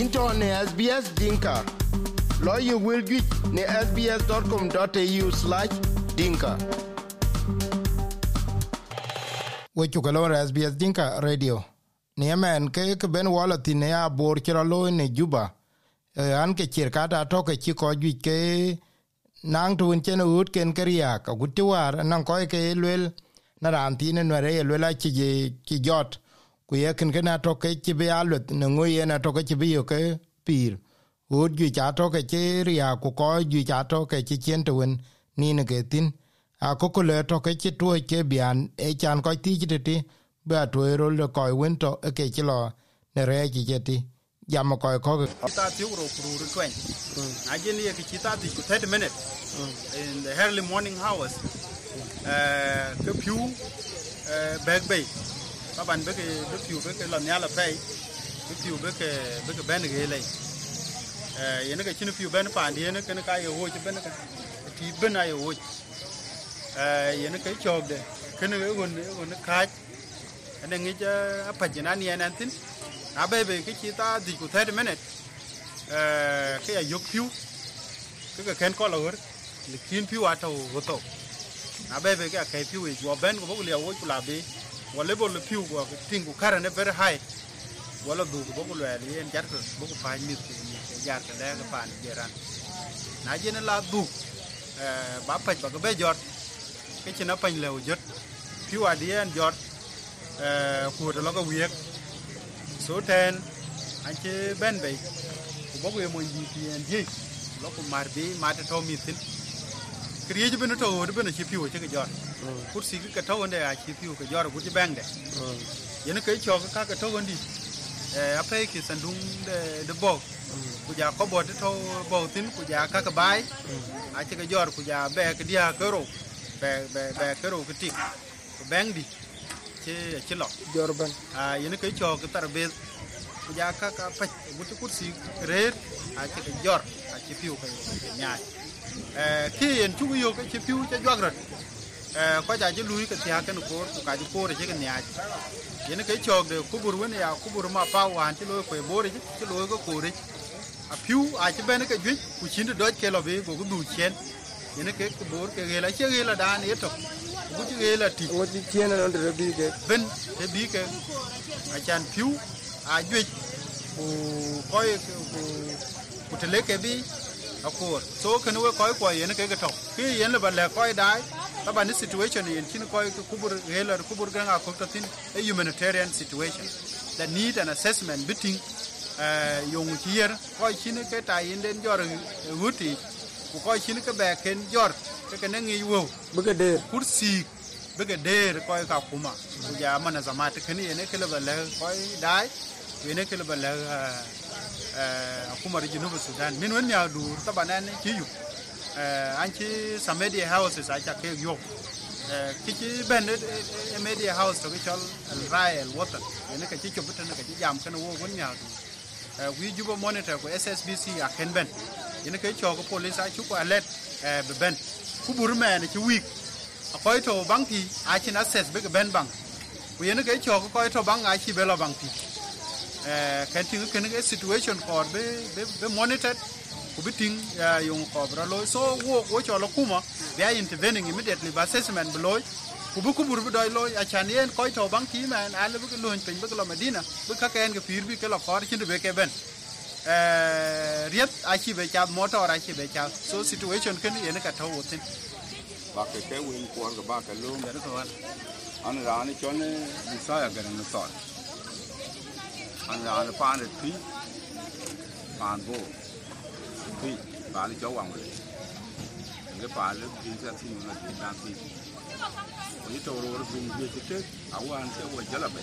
into ne SBS Dinka. Lawyer will get ne sbs.com.au slash dinka. Wechukalora SBS Dinka Radio. Niemen ke ke ben wala tine ya bor chira loy ne juba. An ke chirkata toke chiko juj ke nang tuun chen uut ken keriak. Agutiwar nang koi ke lwel na rantine nwere lwela chijot ku ye ken ken atoke ci bi alut ne ngo ye na toke ci bi yo ke pir ut ju cha toke ci ria ku ko ju cha toke ci chen to wen ni ne ke tin a ko ko le toke ci to ke bian e chan ko ti ti ti ba to ro le ko wen to ke ci lo ne re ji je ti ya mo ko ko ta ti ro kru ru twen a je ni ke ci ta ti 30 minutes in the early morning hours eh ke piu eh back bay bạn biết biết biết cái cái ban beke beke beke lo nyala pay beke beke beke ben ge le eh yene ke chinu fiu ben pa ndi yene ke ka ye ho chi ben ka ti ben ay ho eh yene ke chog de ke ne gon gon ka ene ngi ja apa jina ni ene antin na be be ke chi ta di ku 30 minute eh ke ya yok fiu ke ke ken ko lo hor likin fiu ato go to na be be ke ke fiu jo ben ko bo le ho ku la be wa level piu wa tingu kara ne very high và la đủ ko ko le yen jar ko bo ko fay mi ko mi ko jar ka da ka pan như na je ne la du eh, ba pa ba ko cái jot ke ci na pan lew jot piu wa di yen jot ko to la ko wiek so ten anh ci bên bay của bo ko mo yi ti en je lo ko mar bi ma ta to tin kriye bene to wor bene chi piwo chike jor kur sigi ka to wonde a chi piwo ka jor guji bangde yen ke cho ka ka to wondi eh ape ki sandung de de bog ku ja ko bod to bo tin ku ja ka ka bai a chike jor ku ja be ke dia ko ro be be be ko ro ki ku bangdi che che lo jor ban a yen ke cho ka tar be ku ja ka ka pa guti kur sig rer a chike jor a chi piwo ka nyaa Ờ, thi en chu yo ke chi piu cha jwa grat ko ja ji lui ke tia ke no ko ka ji cái re ke nya ye cái ke chok de ku bur wen ya ku bur ma pa wan ti lo ko bo re ti lo ko ko re a piu a chi bên ke ju ku chin de đôi ke là be ko ku đủ chen vậy ne cái ku bur ke ge la che ge la dan ye to ku chi ge la ti ko ti chen na de bi ke ben te bi ke a chan piu a ju ku ko ku ku te le ke bi akur so kan we koy ko yen ke gato ki yen le balle koy dai taba ni situation yen kin koy kubur helar kubur ganga ko tatin a humanitarian situation the need an assessment biting uh, yung hier koy kin ke ta yen den jor uh, wuti ku koy kin ke ba ken jor ke ken ngi wo buga de kursi buga de koy ka kuma ku ja mana zamata kan yen ke le balle koy dai yen ke le balle Eh, hukumar junubin sudan min wani ya dur taba nan kiyu eh, an ci sa media house houses a ka kai yau eh, kiki ben media house to kichol raya water yana ka kike butan ka ji jam kana wo wani ya dur wi juba monitor ko ssbc a ken ben yana kai cho ko police a ci ko alert be ben kubur me ne ci week akwai to banki a ci na access be ben bank ku yana kai cho ko to bank a ci belo banki Eh, kenting kenege situation kod be be monitored kubiting yung kobra loy so wo wo cholo kuma they are intervening immediately by assessment beloy kubu kubur bi doy loy achan yen koy to bang ki man ale bu loy pin bu lo medina bu ka ken ke pir bi ke lo kor chin be ke ben eh riet a chi be cha motor a chi be cha so situation ken yen ka to wotin ba ke ke win kor ga ba ka lo ngar ko an an ra ni chon ni sa ya gar ni on the, on the found a tree, found bow, tree, found the jaw one way. And the father, Jesus, he was not in that tree. When you told her to be visited, I want to go jalabe,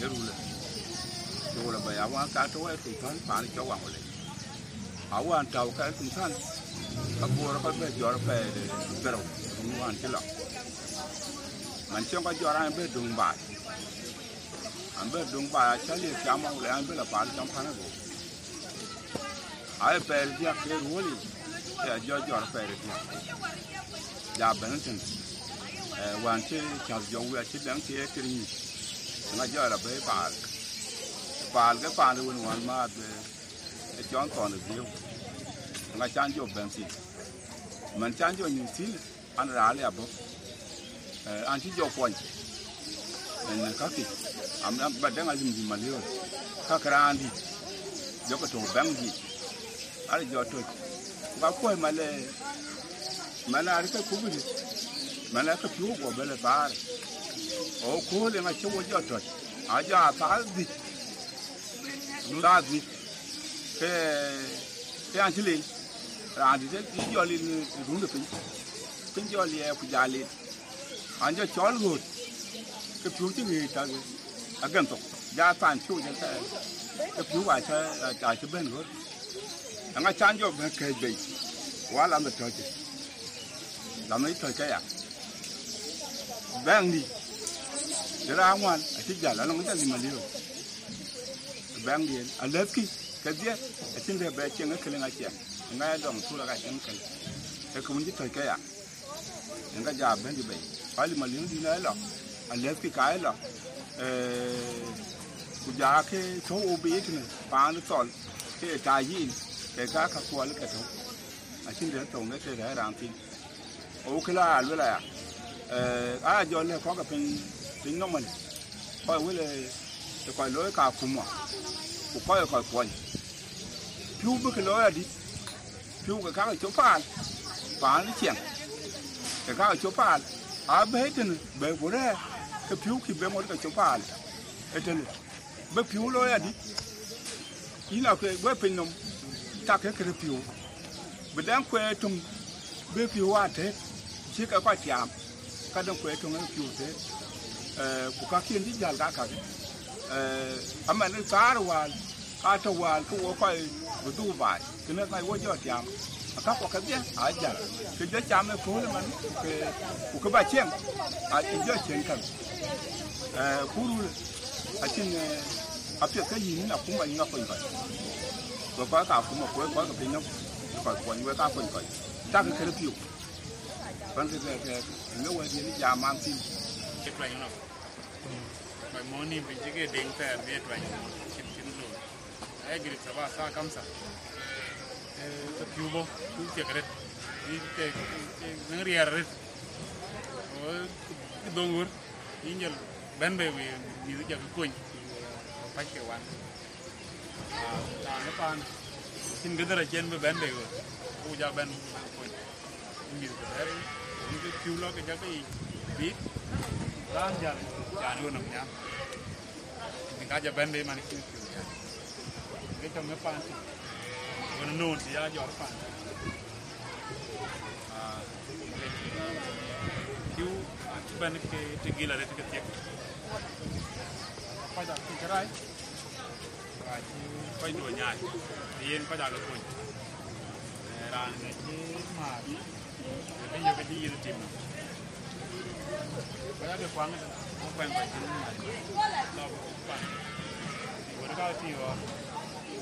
the ruler. To go away, I want to go to town, found the jaw one way. I want to go to town. Các vua đã bắt về gió về để bèo, không hoàn chỉ lọc. Mình có gió ra bê đường bạc, ambe dungba chali chama ule ambe la pal champana go ai per dia ke ruoli ya jo jo per dia ya bentin eh wan che cha jo wa che dang che ke ni na jo ra be pal pal ga pal won wan ma de e jon ton de dio na chan jo bentin man chan jo ni tin an ra le abo eh an chi jo kwon en ka ki amna ba danga zim zim malio ka karandi joko to bangi ala joto ba ko male mala ari ka kubuli mala ka piu go bele bar o ko le ma chewo joto aja fazi ndazi ke ke anjili randi de ti joli ni runde pin pin joli e ku jali anja chol go ke piu ti ngi ta go a gan to ja fan chu ja ta ta pu wa cha ta cha ben go anga chan jo ben ke be wa la làm to thời la à, to đi, ya ben ni de thích wan là ti ja gì mà ta ni ma li ro ben ni a le ki xin dia a tin de kêu che nga ke nga che nga dong tu la ka chen ke ta thời ni à, che ya nga bên ben ni phải ali ma li ni na la a le ki ka la kuja ke to obi itne pan tol ke ta yin ke ka ka ko al ka to a chin de to ne ke ga ran tin o kla al wala ya eh a jo le ko ka pin pin no mal ko wele e ko lo ka ku mo ko ko ko ko ni piu bu ke lo ya di piu ka ka to pan pan ni chen ka ka to pan a be tin be ko ke piu ki be mo ka chopal etele be piu lo ya di ina ke be pinom ta ke ke piu be dan ko tum be piu wa te chi ka kwa tiam ka dan ko tum piu te eh ku ka kin di jal ga ka eh amma ne tsar wal ka ta wal ko ko du bai kina kai wo jo tiam cái akakwa kabia aja kijo cái kuhule man ke ukaba chen a kijo chen kan eh kuru atin apia ka cái gì nữa cũng na ko ibai ko ka ka kuma cũng ko ka có ko ko ni ka ko ko ta ka vẫn piyo ban ke ke me wa ni ya man tin ke pa yin na ko mo ni bi jige ding ta bi ta yin chin chin lo ai gri sa ba sa sao tubo kun cekret in te nang riar rit o dongur injal ben be we ni du jak kun pa ke wan la ne pan sin gedara chen be ben be go u ja ben kun mi du ter ni du tu lo ke ja ke bi ran jan jan yo nam nya ni ka ja ben be man ki tu ya ke tam ne pan wani non ti giọt jor fan kiu ti ben ke ti gila re ti ke phải pa ja ti rai pa ti pa do nya ti yen pa ja lo kun ran ne ti ma ni be yo be di yin ti ma pa ja be kwang ko kwang pa ti ma lo pa ti wo ka ti wo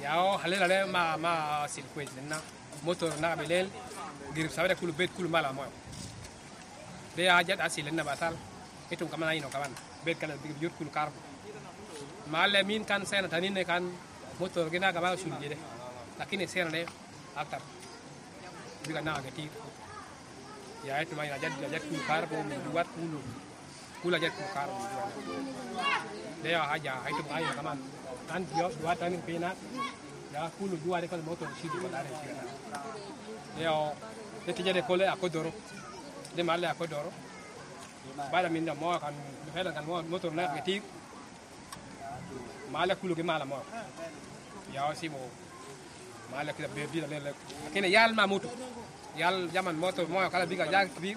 ya o hale la ma ma sil kwez motor na belel girib sabre kul bet kul mala mo be a jat asil nena batal etum kamana ino kaban bet kala digib yur kul kar ma le min kan sen tanin ne kan motor gina gaba sul jere lakini sen le akar diga na ga tir ya etum ay jat jat kul kar bo mi duwat kul kul jat kul kar bo le ya haja etum ay kaman tan dia dua tan pena ya kulu dua de kala moto shi di kota re shi yo de tije de kole akodoro de malle akodoro bala min mo kan hela kan motor na ke tik mala kulu ke mala mo ya si mo mala ke be bi le kene yal ma moto yal jaman moto mo kala biga ja ya, bi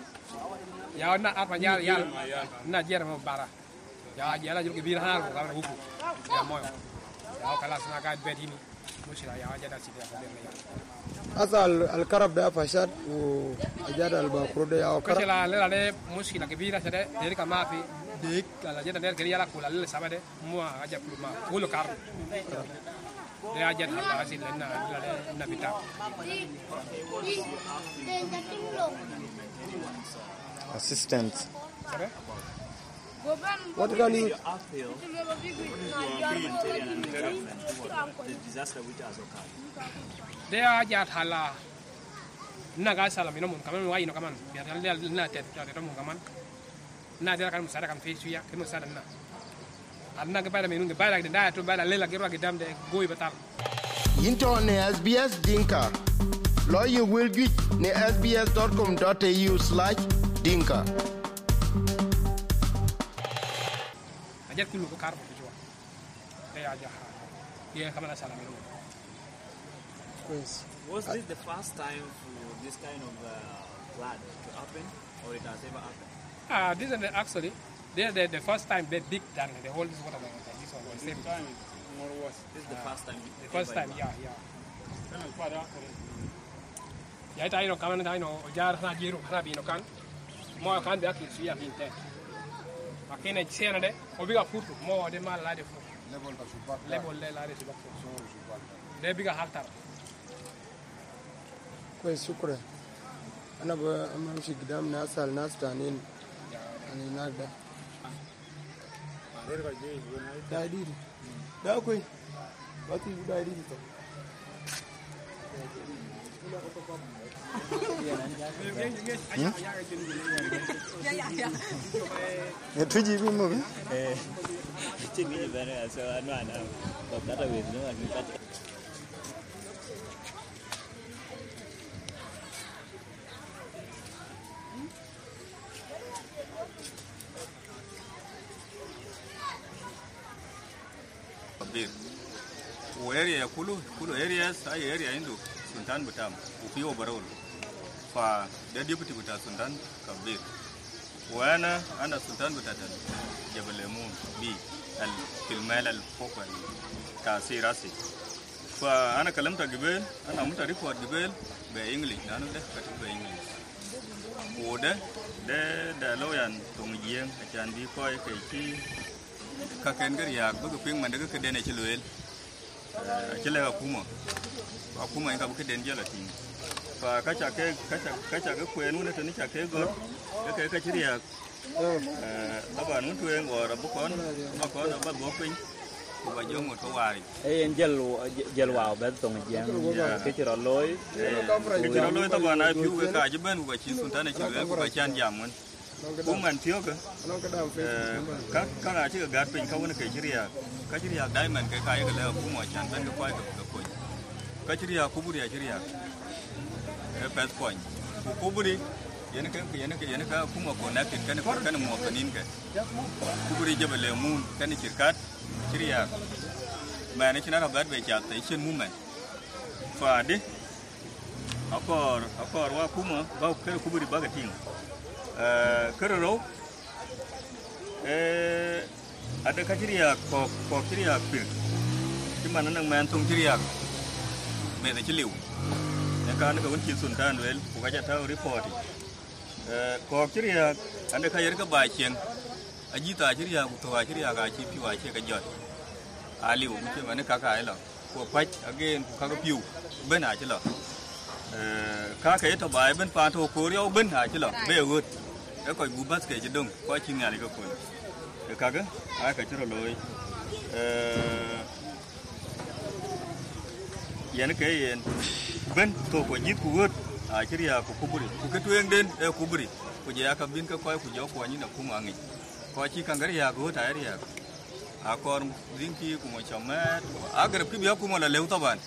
ya na apa ya ya na jera mo bara ya jela jo ke bi ha ko ka huku ya, ya mo وكلا سناكا بديني مشكلة يا وجد سيدي أصل الكرب ده فساد وجد الباكرو ده يا كرب مشكلة لا لا مشكلة كبيرة سيدي ذلك ما في ديك على جد نير كريا لا كولا لا سبعة مو أجا كل ما كل كرب ده أجا هذا أصل لنا لنا بيتا assistant. Sorry? What can you appeal the disaster which has occurred? are Yathala. Naga salam ino mun kaman wai ino come on. dia na tet dia tet mun kaman na dia kan musara kan face ya kan musara na anna ke pada minun ke pada to pada lela ke batal into sbs dinka lawyer will ne sbs.com.au/dinka Was this the first time for this kind of uh, flood to happen, or it has ever happened? Ah, this is actually they the, the first time they big tank, the whole this water this one was same. time more worse. This is the ah, first time. The first time, yeah, yeah. Yeah, jar jiru be makine sena de o biga kurtu mo de ma laade fo lebol ta subak lebol le laade subak so subak de biga haltar kwe sukre ana ba amma shi gidam na sal na stanin ani na da da diri da kwe ba ti da diri to y 야, 돼지 y 거 먹어? y 지금 이 y 나서 안 y 너 따라 y 너무 안 y 다 Where a y e a Kulu, Kulu a y e a y I a y e a Hindu. Sultan butam ukiyo obarol fa da deputy buta Sultan kabir wana ana Sultan buta dan jabal ya lemun bi al filmal al fokal kasirasi fa ana kalam ta gibel ana muta report gibel be english nanu de ka be english wode de da loyan tumjien ka chandi ko e kee kakengeri ya bugu ping mande ko kedene kile ga kuma ba kuma in ka buke den jela tin fa ka cha ke ka cha ka cha ga kwen ne to ni cha ke go ka ke ka chiriya eh aba nu tu en ora bu kon ma ko da ba go pin ku ba jo mo to wari e en jel jel wa ba to ngi jang ke chiro loy ke chiro loy ta ba na piu ga ka ji ben ku ba chi sun ta ne chi ga ku ba chan jam mun cũng mình thiếu cơ các các là chứ gạt pin không có cái chữ ria à. cái chữ ria đây à, mình cái cái cái là cũng mọi chuyện bên cái quay được được quay cái chữ ria cũng buri chữ ria cái pet coin cũng buri yana kan yana kan yana kan kuma connected kan ko kan mu kanin ka kuburi jaba le mun kan kirkat kiriya ma ne kina rabat be ja ta chen mu mai fa de akor akor wa kuma ba ka kuburi ba ga tin kërëro ờ, ada kachiria ko ko kiria pir kimana nang man tung kiria me na chiliu ne ka na ka won chin sun tan wel ko ka ta report eh ko kiria anda ka yer ka ba chen ajita kiria ku to kiria ka chi pi wa che ka jot aliu mu che mane ka ka ai lo ko pach again ku ka ka piu ben a che lo eh ka ka to bai ben pa to ko ryo ben a che lo be gut e ko bubas ke jidong ko chi ngari ko ko e kaga a ka chiro loy eh yan ke yen ben to ko ji ku gut a kirya ku kuburi ku ke tuyen den e kuburi ku je aka bin ka ko ku jo ko ni na ku ngangi ko chi kangari ya go ta ya a kor dinki ku mo chamet agar ki bi ku mo la lew taban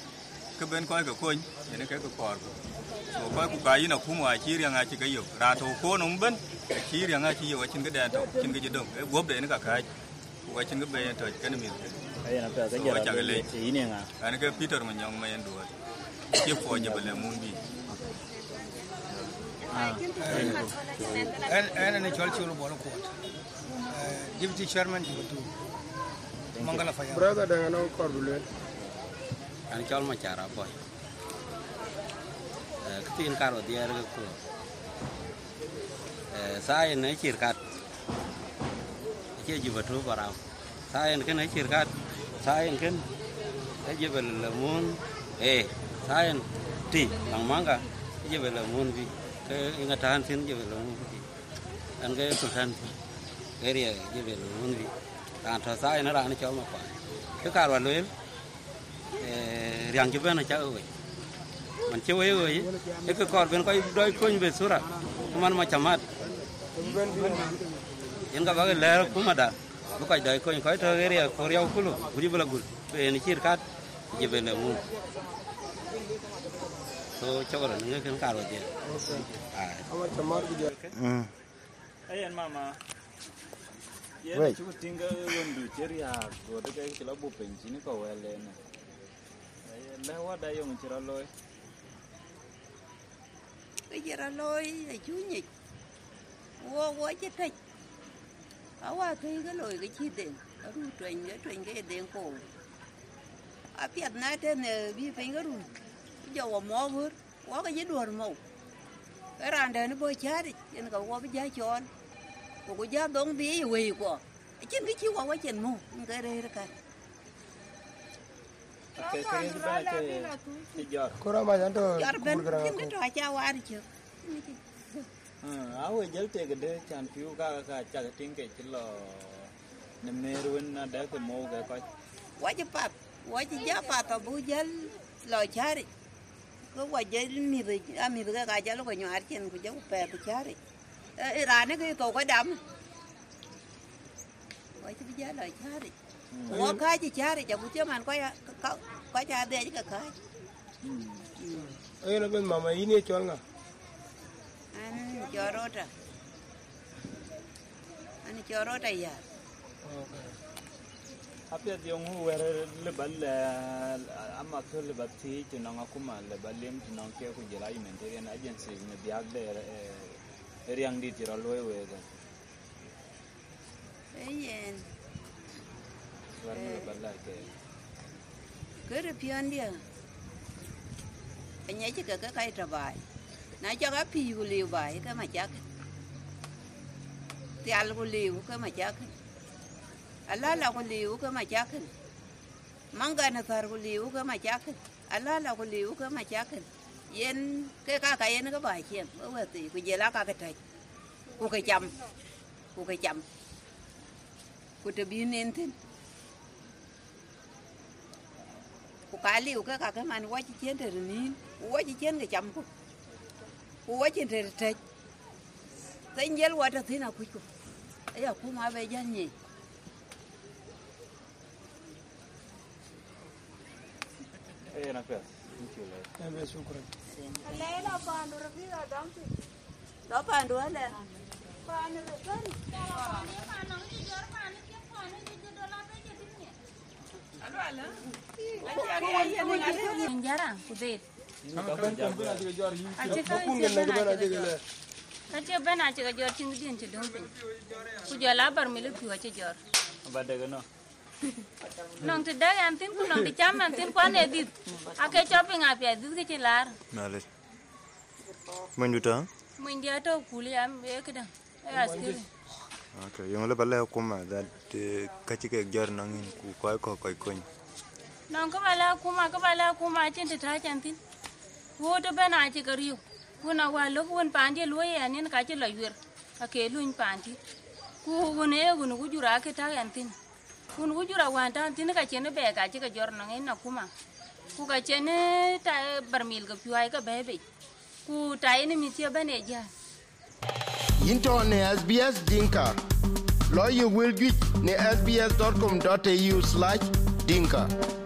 ke ben ko ga ko ni yan ke ko kor to ba ku kayi na kuma akiri yang aki gayo rato ko non ban akiri yang aki yo akin gede to kin gaji don e eh, gob da ka kai ko akin gaba yan to kan mi ai na ta gaji ra le yi ne nga an ga peter mun yang mayan do ke ko je bale mun bi an ah. ah. an ne chol chol bol ko eh, deputy chairman du mangala faya braga da ngano kordule an chol ma cara boy kitin karo dier ko sai ne chirkat ke jibatu baram sai ne ken chirkat sai ne ken jibal lamun eh sai ne ti lang manga jibal lamun bi ke ingatan sin jibal lamun bi an ke sultan area jibal lamun bi tan tho sai na ra ni cho ma kwa ke karwa loel eh riang jibana cha oi man ci way way e ko kor ben koy doy koñ be sura man ma chamat yen ga bagay leer kuma da bu koy doy koñ koy to gere ko rew kulu buri bula gul en ci kat jibe na mu so chawara nga kan karo je ah awa chamat ge ayen mama yen chu tinga wondu cheria go de ke kila bu penjini ko welena lewa da yong chira loy cái gì ra lôi là chú nhịch quá quá chết thịt ở qua thì cái lôi cái chi tiền ở rù truyền cái truyền cái điện cổ ở việt nam thế này biết phải cái rù giờ qua mò vớt quá cái gì đuổi mò cái ran đời nó bơi chết đi nên cậu qua cái giá cho tôi có giá đóng tí gì quỳ của chính cái chiếu qua quá trình mù cái đây đó cái kura ma janto yarben kinga to acha warjo awe jalte gede chan piu ka ka cha tinge chilo ne merwin na da ko mo ga ka waje pap waje ja pa to bu jal lo chari ko waje mi de ami de ga ja lo ko nyar chen ku ja u pe bu chari e rane ko to ko dam waje bi ja lo chari Ừ. Ủa khơi chứ chá thì chẳng có chứ mà có có có chá đây chứ cả khơi. Ừ. Ê nó bên mama ini cho nga. À? Anh cho rota. Anh cho rota ya. Okay. أبيض يوم هو لبل أما كل بتي تنعا كума لبل يوم تنعا كي أكو جلاي من تري أنا أجنسي من بيعك ده ريان دي ترى لوي ويدا. أيين kere pian dia anya chi ka kai tra bai na cho ka pi gu liu bai ka ma chak ti al gu liu ka ma chak ala la gu liu ka ma chak manga na tar gu liu ka mà chắc, ala la gu liu ka ma chak yen ke cái ka yen ka bai chen o wa ti ku je la ka ka tai ku ka cham ku ka cham ku te bi nen tin ku ka liu ka ka man wa chi chen ter ni wa chi chen ga cham ku ku wa chen ter te sen yel wa ta thina ku ku ya ku ma be jan ni Eh, na pes. Thank you. Shukran. Alela pandu rabi adam. Lo pandu ala. Pandu Ache bena ache gajor chingdi anche dong. Kujala bar milu piu ache jor. Bade gano. Nong te dag antin ku nong te cham antin ku ane dit. Ake chopping api adit ke chelar. Nale. Menduta. Mendia to kuli am ekda. Ya, Askiri. Okay, yung la bala kuma that kachi ke gyar nang ku koi ko koi koi. Nang ka bala kuma ka bala kuma chin ta chan tin. Wo to bana chi ka riu. Kuna wa lo kun pan je lo ya nin ka chi lo yer. Ka ke luin pan ti. Ku won e won ku jura ke ta yan tin. Kun ku jura wa ta tin ka chen be ka chi ka gyar nang in na kuma. Ku ka chen ta bar barmil ka pyai ka bebe. Ku ta ni mi ti bane ja. into ne SBS Dinka. Lawyer will get ne sbs.com.au slash Dinka.